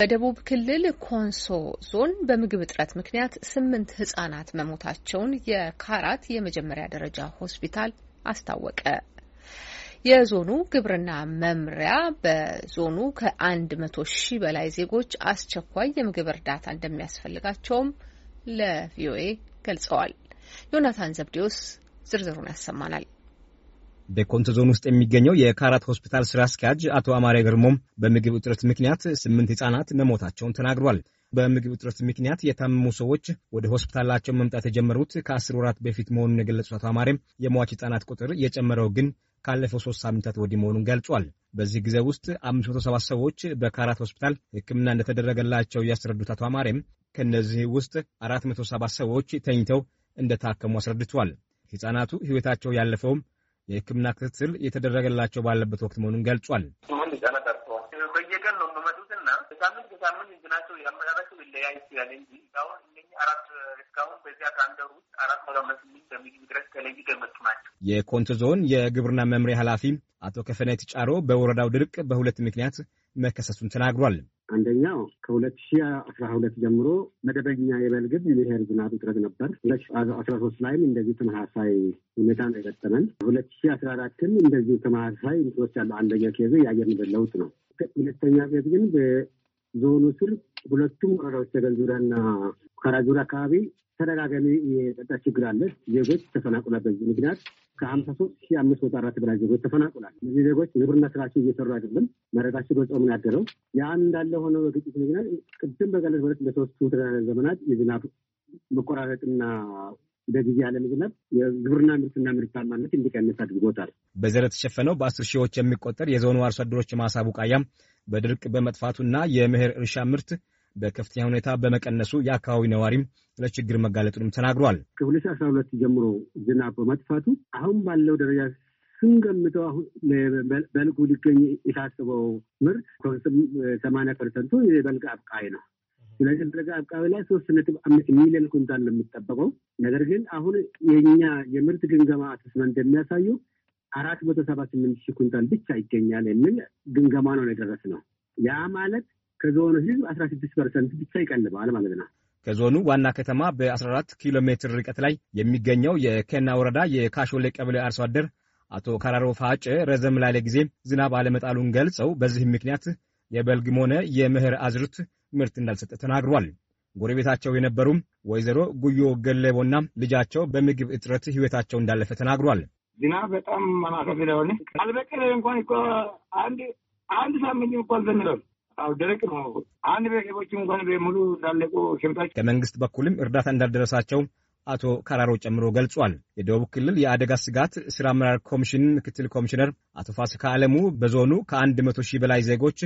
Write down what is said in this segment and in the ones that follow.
በደቡብ ክልል ኮንሶ ዞን በምግብ እጥረት ምክንያት ስምንት ህጻናት መሞታቸውን የካራት የመጀመሪያ ደረጃ ሆስፒታል አስታወቀ። የዞኑ ግብርና መምሪያ በዞኑ ከአንድ መቶ ሺህ በላይ ዜጎች አስቸኳይ የምግብ እርዳታ እንደሚያስፈልጋቸውም ለቪኦኤ ገልጸዋል። ዮናታን ዘብዴዎስ ዝርዝሩን ያሰማናል። በኮንቶ ዞን ውስጥ የሚገኘው የካራት ሆስፒታል ስራ አስኪያጅ አቶ አማሬ ገርሞም በምግብ እጥረት ምክንያት ስምንት ህጻናት መሞታቸውን ተናግሯል። በምግብ እጥረት ምክንያት የታመሙ ሰዎች ወደ ሆስፒታላቸው መምጣት የጀመሩት ከአስር ወራት በፊት መሆኑን የገለጹት አቶ አማሬም የሟች ህጻናት ቁጥር የጨመረው ግን ካለፈው ሶስት ሳምንታት ወዲህ መሆኑን ገልጿል። በዚህ ጊዜ ውስጥ ሰባት ሰዎች በካራት ሆስፒታል ሕክምና እንደተደረገላቸው ያስረዱት አቶ አማሬም ከእነዚህ ውስጥ ሰባት ሰዎች ተኝተው እንደታከሙ አስረድቷል። ህጻናቱ ህይወታቸው ያለፈውም የሕክምና ክትትል እየተደረገላቸው ባለበት ወቅት መሆኑን ገልጿል። በየቀን ነው ሳምንት እንትናቸው ይችላል እንጂ የኮንቶ ዞን የግብርና መምሪያ ኃላፊ አቶ ከፈነት ጫሮ በወረዳው ድርቅ በሁለት ምክንያት መከሰሱን ተናግሯል። አንደኛው ከሁለት ሺ አስራ ሁለት ጀምሮ መደበኛ የበልግብ የብሔር ዝናብ እጥረት ነበር። ሁለት ሺ አስራ ሶስት ላይም እንደዚህ ተመሳሳይ ሁኔታ ነው የገጠመን። ሁለት ሺ አስራ አራትም እንደዚህ ተመሳሳይ ምስሎች ያሉ አንደኛው ኬዝ የአየር ንብረት ለውጥ ነው። ሁለተኛ ኬዝ ግን በዞኑ ስር ሁለቱም ወረዳዎች ተገንዙሪያና ከራጁራ አካባቢ ተደጋጋሚ የጸጥታ ችግር አለ። ዜጎች ተፈናቅሏል። በዚህ ምክንያት ከሀምሳ ሶስት ሺ አምስት መቶ አራት በላይ ዜጎች ተፈናቅሏል። እነዚህ ዜጎች ግብርና ስራቸው እየሰሩ አይደለም። መሬታቸው በጾም ነው ያደረው። ያ እንዳለ ሆነ በግጭት ምክንያት ቅድም በገለጽ መለት በሶስቱ ተደራራቢ ዘመናት የዝናብ መቆራረጥና በጊዜ ያለ ምግነት የግብርና ምርትና ምርታማነት እንዲቀንስ አድርጎታል። በዘር የተሸፈነው በአስር ሺዎች የሚቆጠር የዞኑ አርሶ አደሮች ማሳ ቡቃያም በድርቅ በመጥፋቱና የምህር እርሻ ምርት በከፍተኛ ሁኔታ በመቀነሱ የአካባቢ ነዋሪም ለችግር መጋለጡንም ተናግሯል። ከሁለት ሺህ አስራ ሁለት ጀምሮ ዝናብ በመጥፋቱ አሁን ባለው ደረጃ ስንገምተው አሁን በልጉ ሊገኝ የታስበው ምርት ሰማንያ ፐርሰንቱ የበልግ አብቃይ ነው። ስለዚህ በልግ አብቃይ ላይ ሶስት ነጥብ አምስት ሚሊዮን ኩንታል ነው የሚጠበቀው። ነገር ግን አሁን የኛ የምርት ግምገማ አሰስመንት እንደሚያሳዩ አራት መቶ ሰባ ስምንት ሺህ ኩንታል ብቻ ይገኛል የሚል ግምገማ ነው ነው። ያ ማለት ከዞኑ ህዝብ አስራ ስድስት ፐርሰንት ብቻ ይቀልባል ማለት ነው። ከዞኑ ዋና ከተማ በ14 ኪሎ ሜትር ርቀት ላይ የሚገኘው የኬና ወረዳ የካሾሌ ቀበሌ አርሶ አደር አቶ ካራሮ ፋጭ ረዘም ላለ ጊዜ ዝናብ አለመጣሉን ገልጸው በዚህ ምክንያት የበልግም ሆነ የምህር አዝርት ምርት እንዳልሰጠ ተናግሯል። ጎረቤታቸው የነበሩ ወይዘሮ ጉዮ ገለቦና ልጃቸው በምግብ እጥረት ህይወታቸው እንዳለፈ ተናግሯል። ዝናብ በጣም ማማከፍ ስለሆነ አልበቀለ እንኳን እኮ አንድ አንድ ሳምንት እኮ ዘንለው አዎ ደረቅ ነው። አንድ ቤተሰቦች እንኳን በሙሉ እንዳለቁ ሸምታች ከመንግስት በኩልም እርዳታ እንዳልደረሳቸው አቶ ከራሮ ጨምሮ ገልጿል። የደቡብ ክልል የአደጋ ስጋት ስራ አመራር ኮሚሽን ምክትል ኮሚሽነር አቶ ፋሲካ አለሙ በዞኑ ከአንድ መቶ ሺህ በላይ ዜጎች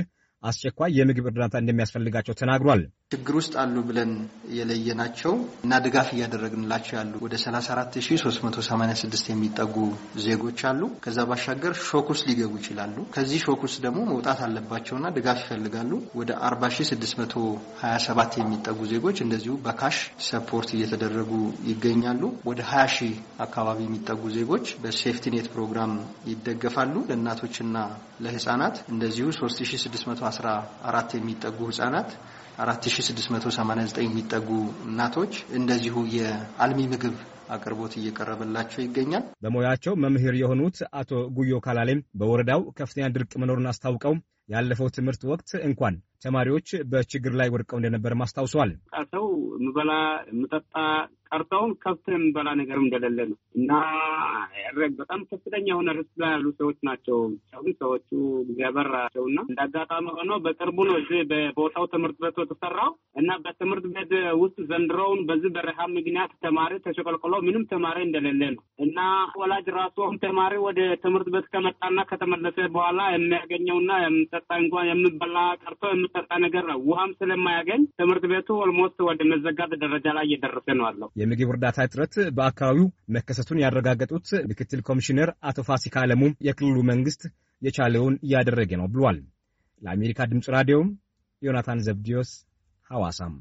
አስቸኳይ የምግብ እርዳታ እንደሚያስፈልጋቸው ተናግሯል። ችግር ውስጥ አሉ ብለን የለየናቸው እና ድጋፍ እያደረግንላቸው ያሉ ወደ 34386 የሚጠጉ ዜጎች አሉ። ከዛ ባሻገር ሾክ ውስጥ ሊገቡ ይችላሉ። ከዚህ ሾክ ውስጥ ደግሞ መውጣት አለባቸውና ድጋፍ ይፈልጋሉ። ወደ 40627 የሚጠጉ ዜጎች እንደዚሁ በካሽ ሰፖርት እየተደረጉ ይገኛሉ። ወደ 20 ሺህ አካባቢ የሚጠጉ ዜጎች በሴፍቲኔት ፕሮግራም ይደገፋሉ። ለእናቶችና ለህፃናት እንደዚሁ 3614 የሚጠጉ ህጻናት 1689 የሚጠጉ እናቶች እንደዚሁ የአልሚ ምግብ አቅርቦት እየቀረበላቸው ይገኛል። በሙያቸው መምህር የሆኑት አቶ ጉዮ ካላሌም በወረዳው ከፍተኛ ድርቅ መኖሩን አስታውቀው ያለፈው ትምህርት ወቅት እንኳን ተማሪዎች በችግር ላይ ወድቀው እንደነበር አስታውሰዋል። ሰው ምበላ ምጠጣ ቀርተውም ከብት የምበላ ነገር እንደሌለ ነው እና በጣም ከፍተኛ የሆነ ርስ ላይ ያሉ ሰዎች ናቸው። ሰዎቹ እግዚአብሔር እና እንደ አጋጣሚ ሆኖ በቅርቡ ነው እዚህ በቦታው ትምህርት ቤቱ የተሰራው እና በትምህርት ቤት ውስጥ ዘንድሮውን በዚህ በረሃብ ምክንያት ተማሪ ተሸቀልቅሎ ምንም ተማሪ እንደሌለ ነው እና ወላጅ ራሱ አሁን ተማሪ ወደ ትምህርት ቤት ከመጣና ከተመለሰ በኋላ የሚያገኘውና የምጠጣ እንኳን የምበላ ቀርቶ የምጠጣ ነገር ነው። ውሃም ስለማያገኝ ትምህርት ቤቱ ኦልሞስት ወደ መዘጋት ደረጃ ላይ እየደረሰ ነው አለው። የምግብ እርዳታ እጥረት በአካባቢው መከሰቱን ያረጋገጡት ምክትል ኮሚሽነር አቶ ፋሲካ አለሙ የክልሉ መንግስት የቻለውን እያደረገ ነው ብሏል። ለአሜሪካ ድምፅ ራዲዮም ዮናታን ዘብዲዮስ ሐዋሳም